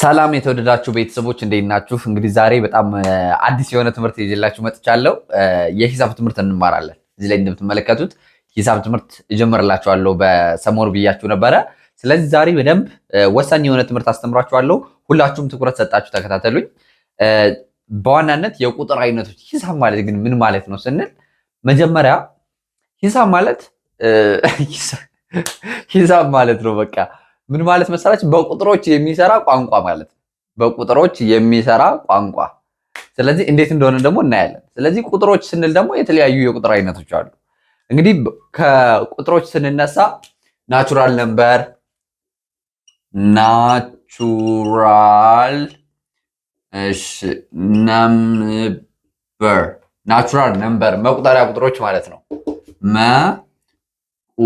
ሰላም የተወደዳችሁ ቤተሰቦች እንዴት ናችሁ? እንግዲህ ዛሬ በጣም አዲስ የሆነ ትምህርት ይዤላችሁ መጥቻለሁ። የሂሳብ ትምህርት እንማራለን። እዚህ ላይ እንደምትመለከቱት ሂሳብ ትምህርት እጀምርላችኋለሁ በሰሞኑ ብያችሁ ነበረ። ስለዚህ ዛሬ በደንብ ወሳኝ የሆነ ትምህርት አስተምራችኋለሁ። ሁላችሁም ትኩረት ሰጣችሁ ተከታተሉኝ። በዋናነት የቁጥር አይነቶች ሂሳብ ማለት ግን ምን ማለት ነው ስንል መጀመሪያ ሂሳብ ማለት ሂሳብ ማለት ነው በቃ ምን ማለት መሰላችሁ? በቁጥሮች የሚሰራ ቋንቋ ማለት በቁጥሮች የሚሰራ ቋንቋ። ስለዚህ እንዴት እንደሆነ ደግሞ እናያለን። ስለዚህ ቁጥሮች ስንል ደግሞ የተለያዩ የቁጥር አይነቶች አሉ። እንግዲህ ከቁጥሮች ስንነሳ ናቹራል ነምበር፣ ናቹራል እሺ፣ ነምበር ናቹራል ነምበር መቁጠሪያ ቁጥሮች ማለት ነው። መቁጠሪያ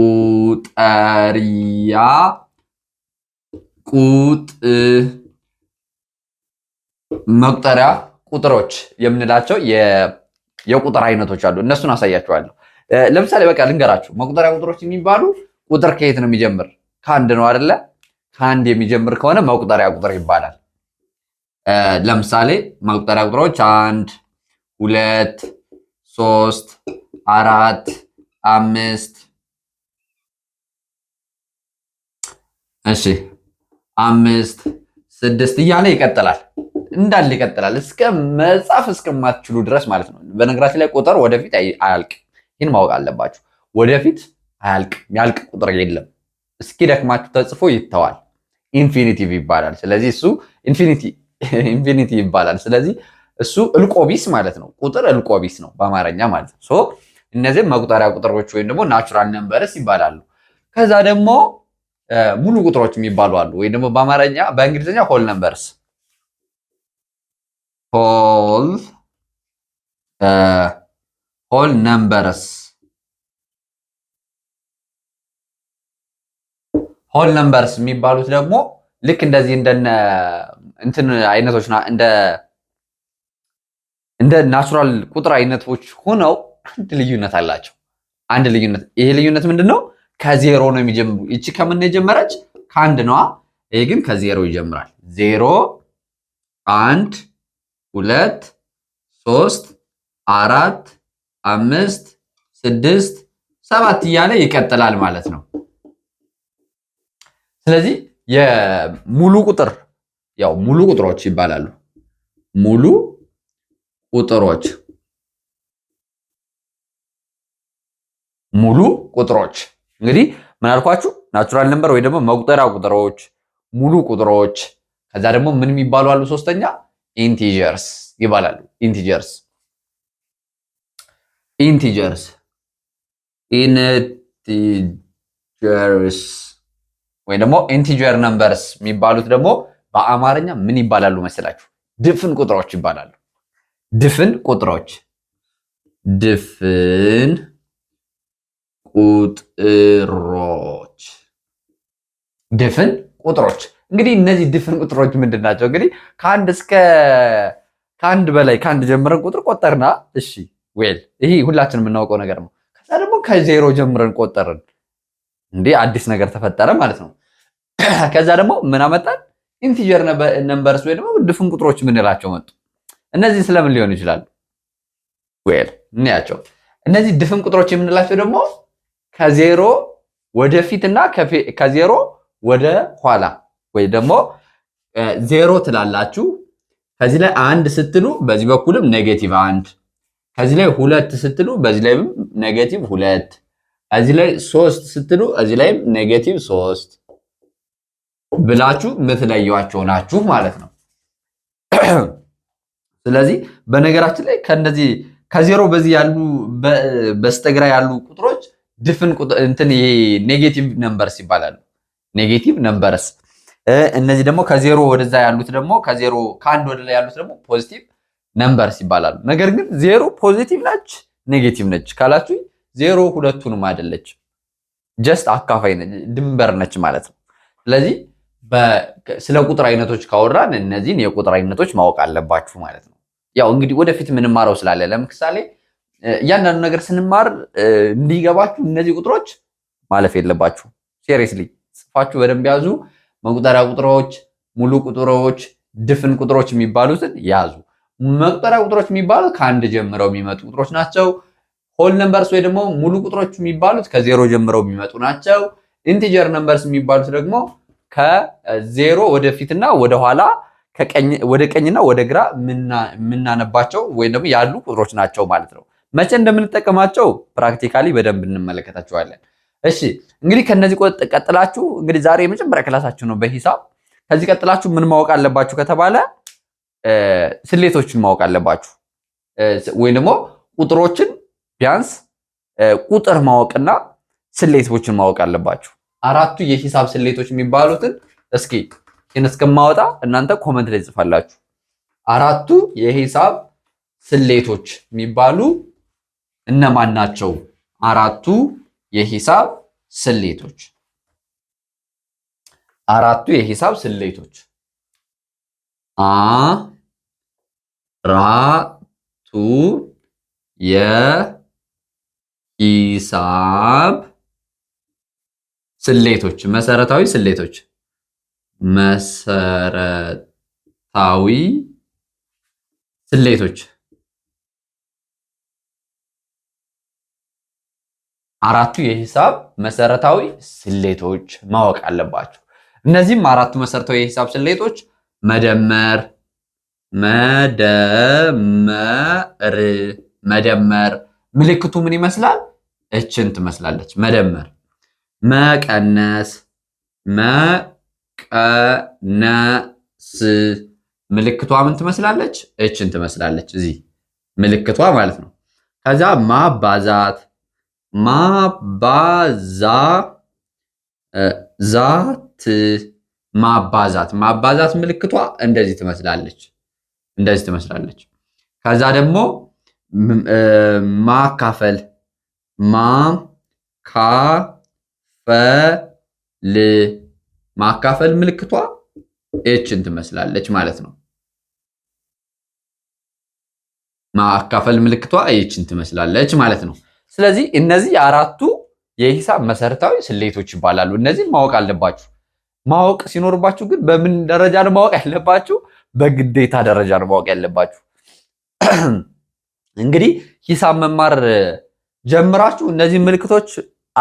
ቁጥ መቁጠሪያ ቁጥሮች የምንላቸው የቁጥር አይነቶች አሉ። እነሱን አሳያችኋለሁ። ለምሳሌ በቃ ልንገራችሁ። መቁጠሪያ ቁጥሮች የሚባሉ ቁጥር ከየት ነው የሚጀምር? ከአንድ ነው አደለ? ከአንድ የሚጀምር ከሆነ መቁጠሪያ ቁጥር ይባላል። ለምሳሌ መቁጠሪያ ቁጥሮች አንድ፣ ሁለት፣ ሶስት፣ አራት፣ አምስት እሺ አምስት ስድስት እያለ ይቀጥላል። እንዳለ ይቀጥላል እስከ መጻፍ እስከማትችሉ ድረስ ማለት ነው። በነገራችን ላይ ቁጥር ወደፊት አያልቅ፣ ይህን ማወቅ አለባችሁ። ወደፊት አያልቅ፣ ያልቅ ቁጥር የለም። እስኪ ደክማችሁ ተጽፎ ይተዋል። ኢንፊኒቲቭ ይባላል። ስለዚህ እሱ ኢንፊኒቲ ይባላል። ስለዚህ እሱ እልቆቢስ ማለት ነው። ቁጥር እልቆቢስ ነው በአማርኛ ማለት ነው። እነዚህም መቁጠሪያ ቁጥሮች ወይም ደግሞ ናቹራል ነንበርስ ይባላሉ። ከዛ ደግሞ ሙሉ ቁጥሮች የሚባሉ አሉ፣ ወይ ደግሞ በአማርኛ በእንግሊዝኛ ሆል ነምበርስ ሆል ሆል ነምበርስ ሆል ነምበርስ የሚባሉት ደግሞ ልክ እንደዚህ እንደነ እንትን አይነቶች እንደ እንደ ናቹራል ቁጥር አይነቶች ሆነው አንድ ልዩነት አላቸው። አንድ ልዩነት ይሄ ልዩነት ምንድን ነው? ከዜሮ ነው የሚጀምሩ። ይቺ ከምን የጀመረች ከአንድ ነዋ። ይሄ ግን ከዜሮ ይጀምራል። ዜሮ፣ አንድ፣ ሁለት፣ ሶስት፣ አራት፣ አምስት፣ ስድስት፣ ሰባት እያለ ይቀጥላል ማለት ነው። ስለዚህ የሙሉ ቁጥር ያው ሙሉ ቁጥሮች ይባላሉ። ሙሉ ቁጥሮች ሙሉ ቁጥሮች እንግዲህ ምን አልኳችሁ? ናቹራል ነምበር ወይ ደግሞ መቁጠሪያ ቁጥሮች፣ ሙሉ ቁጥሮች ከዛ ደግሞ ምን የሚባሉ አሉ? ሶስተኛ ኢንቲጀርስ ይባላሉ። ኢንቲጀርስ ኢንቲጀርስ ኢንቲጀርስ ወይ ደግሞ ኢንቲጀር ነምበርስ የሚባሉት ደግሞ በአማርኛ ምን ይባላሉ መስላችሁ? ድፍን ቁጥሮች ይባላሉ። ድፍን ቁጥሮች ድፍን ቁጥሮች ድፍን ቁጥሮች እንግዲህ እነዚህ ድፍን ቁጥሮች ምንድን ናቸው? እንግዲህ ከአንድ እስከ ከአንድ በላይ ከአንድ ጀምረን ቁጥር ቆጠርና፣ እሺ ዌል ይሄ ሁላችን የምናውቀው ነገር ነው። ከዛ ደግሞ ከዜሮ ጀምረን ቆጠርን፣ እንዲህ አዲስ ነገር ተፈጠረ ማለት ነው። ከዛ ደግሞ ምን አመጣን? ኢንቲጀር ነምበርስ ወይ ደግሞ ድፍን ቁጥሮች የምንላቸው መጡ። እነዚህ ስለምን ሊሆኑ ይችላሉ? ዌል እንያቸው። እነዚህ ድፍን ቁጥሮች የምንላቸው ደግሞ ከዜሮ እና ከዜሮ ወደ ኋላ ወይ ደግሞ ዜሮ ትላላችሁ። ከዚህ ላይ አንድ ስትሉ በዚህ በኩልም ኔጌቲቭ አንድ፣ ከዚህ ላይ ሁለት ስትሉ በዚህ ላይም ኔጌቲቭ ሁለት፣ ከዚህ ላይ ሶስት ስትሉ እዚህ ላይም ኔጌቲቭ ሶስት ብላችሁ ምትለያቸው ናችሁ ማለት ነው። ስለዚህ በነገራችን ላይ ከነዚህ ከዜሮ በዚህ ያሉ በስተግራ ያሉ ቁጥሮች ድፍን ቁጥር እንትን ይሄ ኔጌቲቭ ነምበርስ ይባላሉ። ኔጌቲቭ ነምበርስ እነዚህ ደግሞ ከዜሮ ወደዛ ያሉት ደግሞ ከዜሮ ከአንድ ወደ ላይ ያሉት ደግሞ ፖዚቲቭ ነምበርስ ይባላሉ። ነገር ግን ዜሮ ፖዚቲቭ ነች ኔጌቲቭ ነች ካላችሁ ዜሮ ሁለቱንም አይደለች፣ ጀስት አካፋይ ነች፣ ድንበር ነች ማለት ነው። ስለዚህ ስለ ቁጥር አይነቶች ካወራን እነዚህን የቁጥር አይነቶች ማወቅ አለባችሁ ማለት ነው። ያው እንግዲህ ወደፊት ምንማረው ስላለ ለምሳሌ እያንዳንዱ ነገር ስንማር እንዲገባችሁ እነዚህ ቁጥሮች ማለፍ የለባችሁ። ሴሪየስሊ ጽፋችሁ በደንብ ያዙ። መቁጠሪያ ቁጥሮች፣ ሙሉ ቁጥሮች፣ ድፍን ቁጥሮች የሚባሉትን ያዙ። መቁጠሪያ ቁጥሮች የሚባሉት ከአንድ ጀምረው የሚመጡ ቁጥሮች ናቸው። ሆል ነምበርስ ወይ ደግሞ ሙሉ ቁጥሮች የሚባሉት ከዜሮ ጀምረው የሚመጡ ናቸው። ኢንቲጀር ነምበርስ የሚባሉት ደግሞ ከዜሮ ወደፊትና ወደኋላ ወደ ቀኝና ወደ ግራ የምናነባቸው ወይም ደግሞ ያሉ ቁጥሮች ናቸው ማለት ነው። መቼ እንደምንጠቀማቸው ፕራክቲካሊ በደንብ እንመለከታቸዋለን። እሺ እንግዲህ ከነዚህ ቀጥላችሁ እንግዲህ ዛሬ የመጀመሪያ ክላሳችሁ ነው በሂሳብ ከዚህ ቀጥላችሁ ምን ማወቅ አለባችሁ ከተባለ ስሌቶችን ማወቅ አለባችሁ፣ ወይም ደግሞ ቁጥሮችን ቢያንስ ቁጥር ማወቅና ስሌቶችን ማወቅ አለባችሁ። አራቱ የሂሳብ ስሌቶች የሚባሉትን እስኪ ይህን እስከማወጣ እናንተ ኮመንት ላይ ጽፋላችሁ። አራቱ የሂሳብ ስሌቶች የሚባሉ እነማን ናቸው? አራቱ የሂሳብ ስሌቶች አራቱ የሂሳብ ስሌቶች አ ራ ቱ የሂሳብ ስሌቶች መሰረታዊ ስሌቶች መሰረታዊ ስሌቶች አራቱ የሂሳብ መሰረታዊ ስሌቶች ማወቅ አለባቸው። እነዚህም አራቱ መሰረታዊ የሂሳብ ስሌቶች መደመር፣ መደመር፣ መደመር ምልክቱ ምን ይመስላል? እችን ትመስላለች። መደመር፣ መቀነስ፣ መቀነስ ምልክቷ ምን ትመስላለች? እችን ትመስላለች። እዚህ ምልክቷ ማለት ነው። ከዛ ማባዛት ማባዛዛት ማባዛት ማባዛት ምልክቷ እንደዚህ ትመስላለች፣ እንደዚህ ትመስላለች። ከዛ ደግሞ ማካፈል ማካፈል ማካፈል ምልክቷ ኤችን ትመስላለች ማለት ነው። ማካፈል ምልክቷ ኤችን ትመስላለች ማለት ነው። ስለዚህ እነዚህ አራቱ የሂሳብ መሰረታዊ ስሌቶች ይባላሉ። እነዚህ ማወቅ አለባችሁ። ማወቅ ሲኖርባችሁ ግን በምን ደረጃ ነው ማወቅ ያለባችሁ? በግዴታ ደረጃ ነው ማወቅ ያለባችሁ። እንግዲህ ሂሳብ መማር ጀምራችሁ እነዚህ ምልክቶች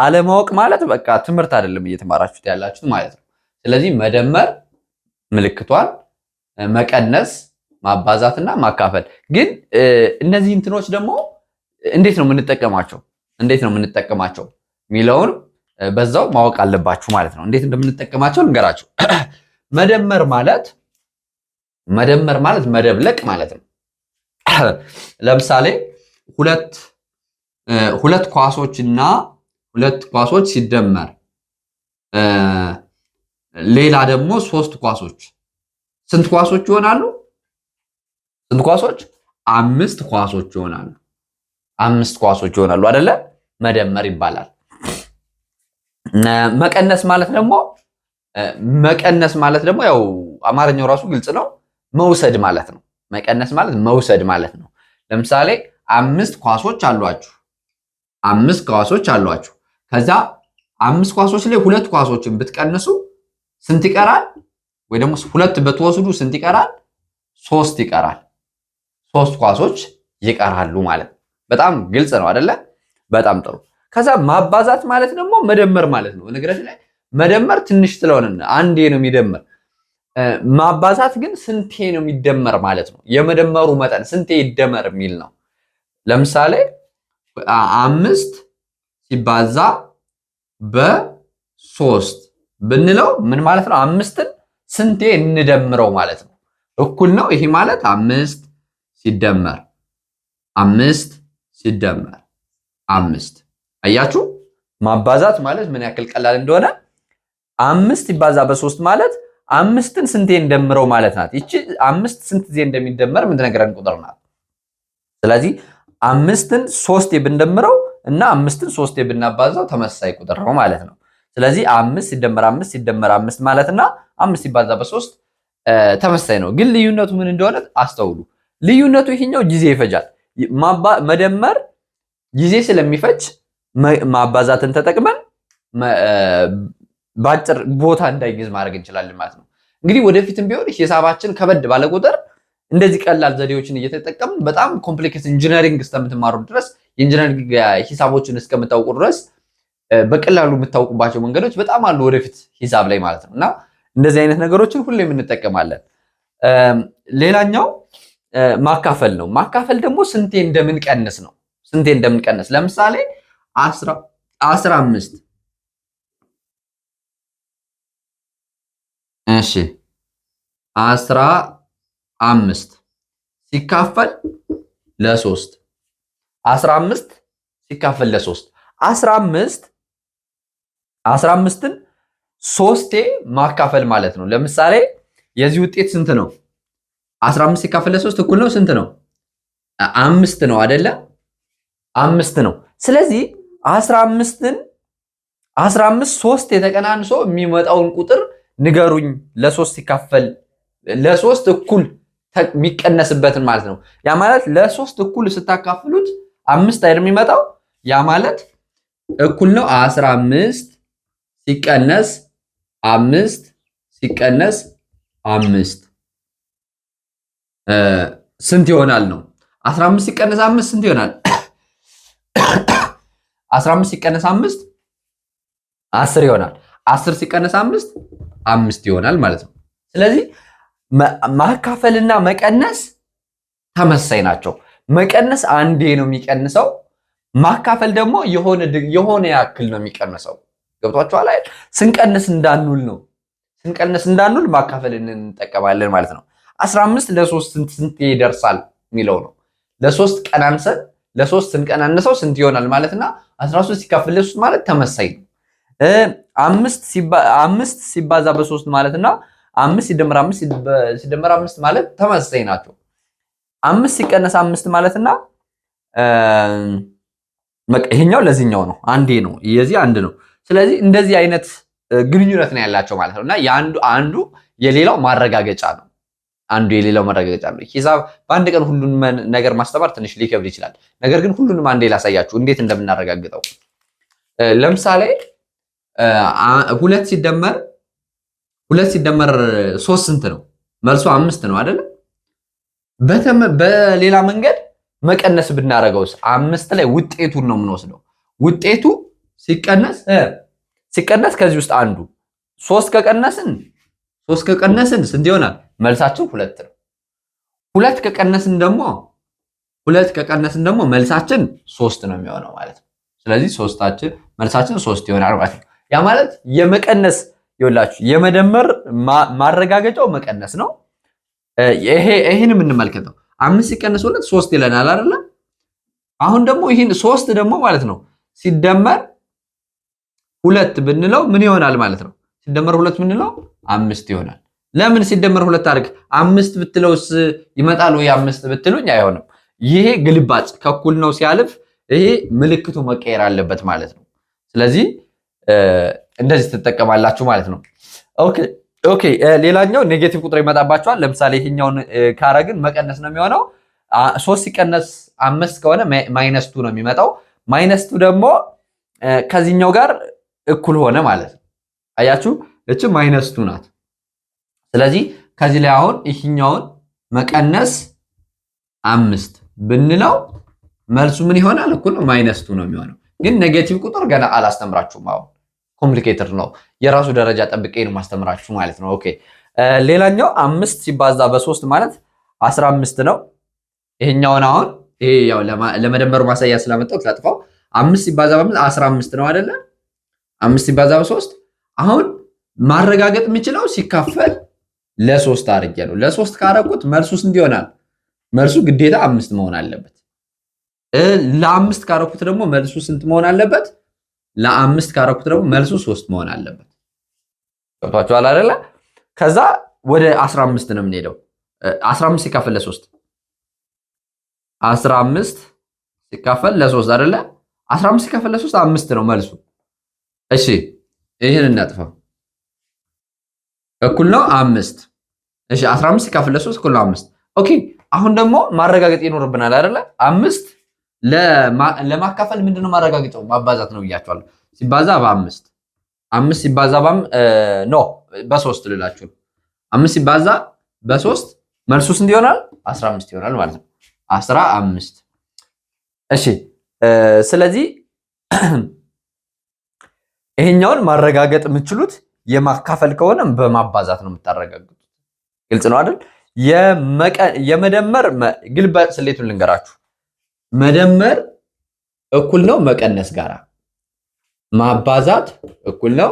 አለማወቅ ማለት በቃ ትምህርት አይደለም እየተማራችሁት ያላችሁት ማለት ነው። ስለዚህ መደመር ምልክቷን፣ መቀነስ፣ ማባዛትና ማካፈል ግን እነዚህ እንትኖች ደግሞ እንዴት ነው የምንጠቀማቸው እንዴት ነው የምንጠቀማቸው የሚለውን በዛው ማወቅ አለባችሁ ማለት ነው። እንዴት እንደምንጠቀማቸው ልንገራችሁ። መደመር ማለት መደመር ማለት መደብለቅ ማለት ነው። ለምሳሌ ሁለት ሁለት ኳሶች እና ሁለት ኳሶች ሲደመር ሌላ ደግሞ ሶስት ኳሶች ስንት ኳሶች ይሆናሉ? ስንት ኳሶች? አምስት ኳሶች ይሆናሉ። አምስት ኳሶች ይሆናሉ አደለ? መደመር ይባላል። መቀነስ ማለት ደግሞ መቀነስ ማለት ደግሞ ያው አማርኛው ራሱ ግልጽ ነው፣ መውሰድ ማለት ነው። መቀነስ ማለት መውሰድ ማለት ነው። ለምሳሌ አምስት ኳሶች አሏችሁ፣ አምስት ኳሶች አሏችሁ። ከዛ አምስት ኳሶች ላይ ሁለት ኳሶችን ብትቀንሱ ስንት ይቀራል? ወይ ደግሞ ሁለት በትወስዱ ስንት ይቀራል? ሶስት ይቀራል። ሶስት ኳሶች ይቀራሉ ማለት ነው። በጣም ግልጽ ነው አደለ? በጣም ጥሩ። ከዛ ማባዛት ማለት ደግሞ መደመር ማለት ነው። ነገራችን ላይ መደመር ትንሽ ስለሆነ አንዴ ነው የሚደመር። ማባዛት ግን ስንቴ ነው የሚደመር ማለት ነው። የመደመሩ መጠን ስንቴ ይደመር የሚል ነው። ለምሳሌ አምስት ሲባዛ በሶስት ብንለው ምን ማለት ነው? አምስትን ስንቴ እንደምረው ማለት ነው። እኩል ነው። ይሄ ማለት አምስት ሲደመር አምስት ሲደመር አምስት። አያችሁ ማባዛት ማለት ምን ያክል ቀላል እንደሆነ። አምስት ይባዛ በሶስት ማለት አምስትን ስንቴ እንደምረው ማለት ናት። ይቺ አምስት ስንት ጊዜ እንደሚደመር የምትነግረን ቁጥር ናት። ስለዚህ አምስትን ሶስቴ ብንደምረው እና አምስትን ሶስቴ ብናባዛው ተመሳሳይ ቁጥር ነው ማለት ነው። ስለዚህ አምስት ሲደመር አምስት ሲደመር አምስት ማለት እና አምስት ሲባዛ በሶስት ተመሳሳይ ነው። ግን ልዩነቱ ምን እንደሆነ አስተውሉ። ልዩነቱ ይሄኛው ጊዜ ይፈጃል። መደመር ጊዜ ስለሚፈጅ ማባዛትን ተጠቅመን በአጭር ቦታ እንዳይግዝ ማድረግ እንችላለን ማለት ነው። እንግዲህ ወደፊትም ቢሆን ሂሳባችን ከበድ ባለ ቁጥር እንደዚህ ቀላል ዘዴዎችን እየተጠቀምን በጣም ኮምፕሌክስ ኢንጂነሪንግ እስከምትማሩ ድረስ የኢንጂነሪንግ ሂሳቦችን እስከምታውቁ ድረስ በቀላሉ የምታውቁባቸው መንገዶች በጣም አሉ ወደፊት ሂሳብ ላይ ማለት ነው እና እንደዚህ አይነት ነገሮችን ሁሌም እንጠቀማለን። ሌላኛው ማካፈል ነው። ማካፈል ደግሞ ስንቴ እንደምንቀንስ ነው። ስንቴ እንደምንቀንስ ለምሳሌ አስራ አምስት እሺ አስራ አምስት ሲካፈል ለሶስት አስራ አምስት ሲካፈል ለሶስት አስራ አምስት አስራ አምስትን ሶስቴ ማካፈል ማለት ነው። ለምሳሌ የዚህ ውጤት ስንት ነው? 15 ሲካፈል ለ3 እኩል ነው ስንት ነው? አምስት ነው አደለ? አምስት ነው። ስለዚህ 15ን 15 ሶስት የተቀናንሶ የሚመጣውን ቁጥር ንገሩኝ። ለ3 ሲካፈል ለ3 እኩል የሚቀነስበትን ማለት ነው። ያ ማለት ለ3 እኩል ስታካፍሉት አምስት አይደል የሚመጣው? ያ ማለት እኩል ነው 15 ሲቀነስ አምስት ሲቀነስ አምስት ስንት ይሆናል ነው። 15 ሲቀነስ 5 ስንት ይሆናል? 15 ሲቀነስ 5 10 ይሆናል። 10 ሲቀነስ 5 5 ይሆናል ማለት ነው። ስለዚህ ማካፈልና መቀነስ ተመሳይ ናቸው። መቀነስ አንዴ ነው የሚቀንሰው። ማካፈል ደግሞ የሆነ ያክል ነው የሚቀንሰው። ገብቷችኋል አይደል? ስንቀንስ እንዳንውል ነው ስንቀንስ እንዳንውል ማካፈልን እንጠቀማለን ማለት ነው። 15 ለሶስት ስንት ይደርሳል የሚለው ነው። ለሶስት ቀናንሰን ለሶስት ስንቀናንሰው ስንት ይሆናል ማለትና 13 ሲካፈል ለሶስት ማለት ተመሳይ ነው። አምስት ሲባዛ በሶስት ማለትና አምስት ሲደመር አምስት ሲደመር አምስት ማለት ተመሳሳይ ናቸው። አምስት ሲቀነስ አምስት ማለትና በቃ ይሄኛው ለዚህኛው ነው አንዴ ነው የዚህ አንድ ነው። ስለዚህ እንደዚህ አይነት ግንኙነት ነው ያላቸው ማለት ነው እና የአንዱ አንዱ የሌላው ማረጋገጫ ነው። አንዱ የሌላው መረጋገጫ ነው። ሂሳብ በአንድ ቀን ሁሉንም ነገር ማስተማር ትንሽ ሊከብድ ይችላል። ነገር ግን ሁሉንም አንዴ ላሳያችሁ እንዴት እንደምናረጋግጠው። ለምሳሌ ሁለት ሲደመር ሁለት ሲደመር ሶስት ስንት ነው? መልሶ አምስት ነው አይደለም? በሌላ መንገድ መቀነስ ብናደርገውስ አምስት ላይ ውጤቱን ነው የምንወስደው። ውጤቱ ሲቀነስ ሲቀነስ ከዚህ ውስጥ አንዱ ሶስት ከቀነስን ሶስት ከቀነስን ስንት ይሆናል? መልሳችን ሁለት ነው። ሁለት ከቀነስን ደግሞ ሁለት ከቀነስን ደግሞ መልሳችን ሶስት ነው የሚሆነው ማለት ነው። ስለዚህ ሶስታችን መልሳችን ሶስት ይሆናል ማለት ነው። ያ ማለት የመቀነስ ይወላችሁ የመደመር ማረጋገጫው መቀነስ ነው። ይሄ ይሄን የምንመልከተው አምስት ሲቀነስ ሁለት ሶስት ይለናል አይደለ? አሁን ደግሞ ይህን ሶስት ደግሞ ማለት ነው ሲደመር ሁለት ብንለው ምን ይሆናል ማለት ነው? ሲደመር ሁለት ብንለው አምስት ይሆናል። ለምን ሲደመር ሁለት አድርግ አምስት ብትለውስ ይመጣል ወይ? አምስት ብትሉኝ አይሆንም። ይሄ ግልባጭ ከኩል ነው ሲያልፍ ይሄ ምልክቱ መቀየር አለበት ማለት ነው። ስለዚህ እንደዚህ ትጠቀማላችሁ ማለት ነው። ኦኬ ሌላኛው ኔጌቲቭ ቁጥር ይመጣባችኋል። ለምሳሌ ይሄኛውን ካረግን መቀነስ ነው የሚሆነው። ሶስት ሲቀነስ አምስት ከሆነ ማይነስ ቱ ነው የሚመጣው። ማይነስ ቱ ደግሞ ከዚህኛው ጋር እኩል ሆነ ማለት ነው። አያችሁ፣ እች ማይነስ ቱ ናት። ስለዚህ ከዚህ ላይ አሁን ይህኛውን መቀነስ አምስት ብንለው መልሱ ምን ይሆናል? እኩል ነው ማይነስ ቱ ነው የሚሆነው። ግን ኔጌቲቭ ቁጥር ገና አላስተምራችሁም። አሁን ኮምፕሊኬትድ ነው። የራሱ ደረጃ ጠብቄ ነው ማስተምራችሁ ማለት ነው። ኦኬ ሌላኛው አምስት ሲባዛ በሶስት ማለት አስራ አምስት ነው። ይሄኛውን አሁን ይሄ ያው ለመደመሩ ማሳያ ስላመጣው ላጥፋው። አምስት ሲባዛ በአምስት አስራ አምስት ነው አይደለ? አምስት ሲባዛ በሶስት አሁን ማረጋገጥ የምችለው ሲካፈል ለሶስት አድርጌ ነው። ለሶስት ካረኩት መልሱ ስንት ይሆናል? መልሱ ግዴታ አምስት መሆን አለበት። ለአምስት ካረኩት ደግሞ መልሱ ስንት መሆን አለበት? ለአምስት ካረኩት ደግሞ መልሱ ሶስት መሆን አለበት። ገብቷችኋል አይደለ? ከዛ ወደ 15 ነው የምንሄደው። 15 ሲካፈል ለሶስት 15 ሲካፈል ለሶስት አይደለ? 15 ሲካፈል ለሶስት አምስት ነው መልሱ። እሺ ይህን እናጥፋው። እኩል ነው አምስት። እሺ 15 ሲካፈል ለሶስት እኩል ነው አምስት። ኦኬ አሁን ደግሞ ማረጋገጥ ይኖርብናል አይደለ? አምስት ለማካፈል ምንድነው ማረጋገጠው? ማባዛት ነው ብያቸዋለሁ። ሲባዛ በአምስት አምስት ሲባዛ ባም ኖ በሶስት ልላችሁ አምስት ሲባዛ በሶስት መልሱ ስንት ይሆናል? 15 ይሆናል ማለት ነው። 15 እሺ። ስለዚህ ይሄኛውን ማረጋገጥ የምትችሉት የማካፈል ከሆነም በማባዛት ነው የምታረጋግጡት። ግልጽ ነው አይደል? የመደመር ግልባጭ ስሌቱን ልንገራችሁ። መደመር እኩል ነው መቀነስ ጋራ፣ ማባዛት እኩል ነው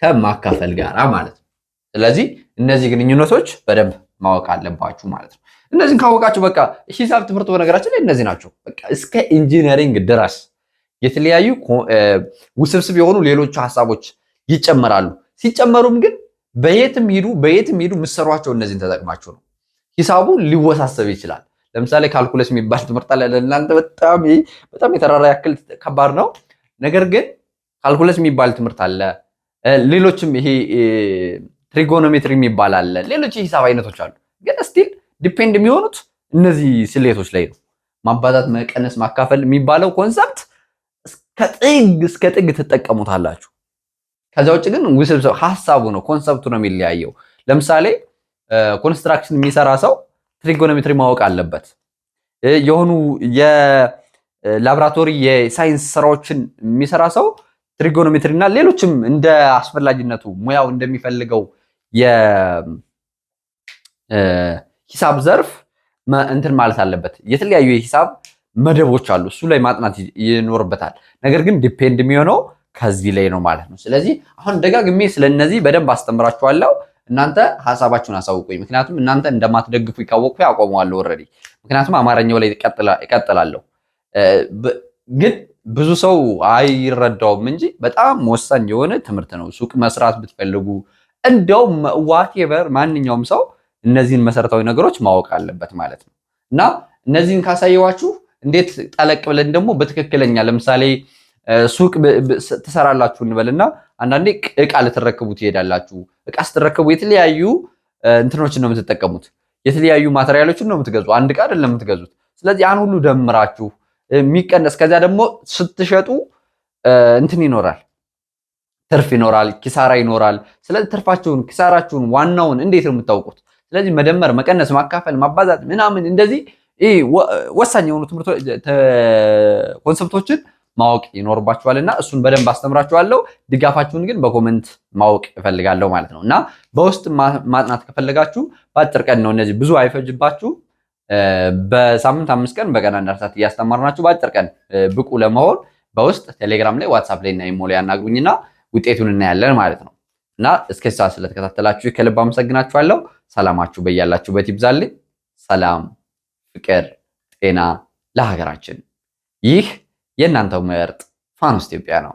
ከማካፈል ጋራ ማለት ነው። ስለዚህ እነዚህ ግንኙነቶች በደንብ ማወቅ አለባችሁ ማለት ነው። እነዚህን ካወቃችሁ በቃ ሂሳብ ትምህርት በነገራችን ላይ እነዚህ ናቸው። በቃ እስከ ኢንጂነሪንግ ድረስ የተለያዩ ውስብስብ የሆኑ ሌሎች ሀሳቦች ይጨመራሉ። ሲጨመሩም ግን በየትም ሂዱ በየትም ሂዱ ምሰሯቸው እነዚህን ተጠቅማችሁ ነው። ሂሳቡ ሊወሳሰብ ይችላል። ለምሳሌ ካልኩለስ የሚባል ትምህርት አለ ለእናንተ በጣም በጣም የተራራ ያክል ከባድ ነው። ነገር ግን ካልኩለስ የሚባል ትምህርት አለ። ሌሎችም ይሄ ትሪጎኖሜትሪ የሚባል አለ። ሌሎች የሂሳብ አይነቶች አሉ። ግን ስቲል ዲፔንድ የሚሆኑት እነዚህ ስሌቶች ላይ ነው። ማባዛት፣ መቀነስ፣ ማካፈል የሚባለው ኮንሰፕት ከጥግ እስከ ጥግ ትጠቀሙታላችሁ። ከዛ ውጭ ግን ውስብስብ ሀሳቡ ነው፣ ኮንሰፕቱ ነው የሚለያየው። ለምሳሌ ኮንስትራክሽን የሚሰራ ሰው ትሪጎኖሜትሪ ማወቅ አለበት። የሆኑ የላብራቶሪ የሳይንስ ስራዎችን የሚሰራ ሰው ትሪጎኖሜትሪ እና ሌሎችም እንደ አስፈላጊነቱ ሙያው እንደሚፈልገው የሂሳብ ዘርፍ እንትን ማለት አለበት። የተለያዩ የሂሳብ መደቦች አሉ፣ እሱ ላይ ማጥናት ይኖርበታል። ነገር ግን ዲፔንድ የሚሆነው ከዚህ ላይ ነው ማለት ነው። ስለዚህ አሁን ደጋግሜ ስለነዚህ በደንብ አስተምራችኋለሁ። እናንተ ሀሳባችሁን አሳውቁኝ። ምክንያቱም እናንተ እንደማትደግፉ ይካወቅኩ አቆመዋለሁ ኦልሬዲ። ምክንያቱም አማርኛው ላይ እቀጥላለሁ። ግን ብዙ ሰው አይረዳውም እንጂ በጣም ወሳኝ የሆነ ትምህርት ነው። ሱቅ መስራት ብትፈልጉ እንደውም ዋቴቨር ማንኛውም ሰው እነዚህን መሰረታዊ ነገሮች ማወቅ አለበት ማለት ነው እና እነዚህን ካሳየዋችሁ እንዴት ጠለቅ ብለን ደግሞ በትክክለኛ ለምሳሌ ሱቅ ትሰራላችሁ እንበልና አንዳንዴ እቃ ልትረክቡ ትሄዳላችሁ። እቃ ስትረክቡ የተለያዩ እንትኖችን ነው የምትጠቀሙት፣ የተለያዩ ማቴሪያሎችን ነው የምትገዙ፣ አንድ እቃ አይደለም የምትገዙት። ስለዚህ ያን ሁሉ ደምራችሁ የሚቀነስ ከዚያ ደግሞ ስትሸጡ እንትን ይኖራል፣ ትርፍ ይኖራል፣ ኪሳራ ይኖራል። ስለዚህ ትርፋችሁን፣ ኪሳራችሁን ዋናውን እንዴት ነው የምታውቁት? ስለዚህ መደመር፣ መቀነስ፣ ማካፈል፣ ማባዛት ምናምን እንደዚህ ወሳኝ የሆኑ ኮንሰፕቶችን ማወቅ ይኖርባችኋል እና እሱን በደንብ አስተምራችኋለሁ። ድጋፋችሁን ግን በኮመንት ማወቅ እፈልጋለሁ ማለት ነው እና በውስጥ ማጥናት ከፈለጋችሁ በአጭር ቀን ነው እነዚህ ብዙ አይፈጅባችሁ በሳምንት አምስት ቀን በቀን አንድ ሰዓት እያስተማርናችሁ በአጭር ቀን ብቁ ለመሆን በውስጥ ቴሌግራም ላይ ዋትሳፕ ላይ እና ኢሞ ላይ ያናግሩኝና ውጤቱን እናያለን ማለት ነው እና እስከ ሰዓት ስለተከታተላችሁ ከልብ አመሰግናችኋለሁ። ሰላማችሁ በያላችሁበት ይብዛልኝ። ሰላም፣ ፍቅር፣ ጤና ለሀገራችን ይህ የእናንተው ምርጥ ፋኖስ ኢትዮጵያ ነው።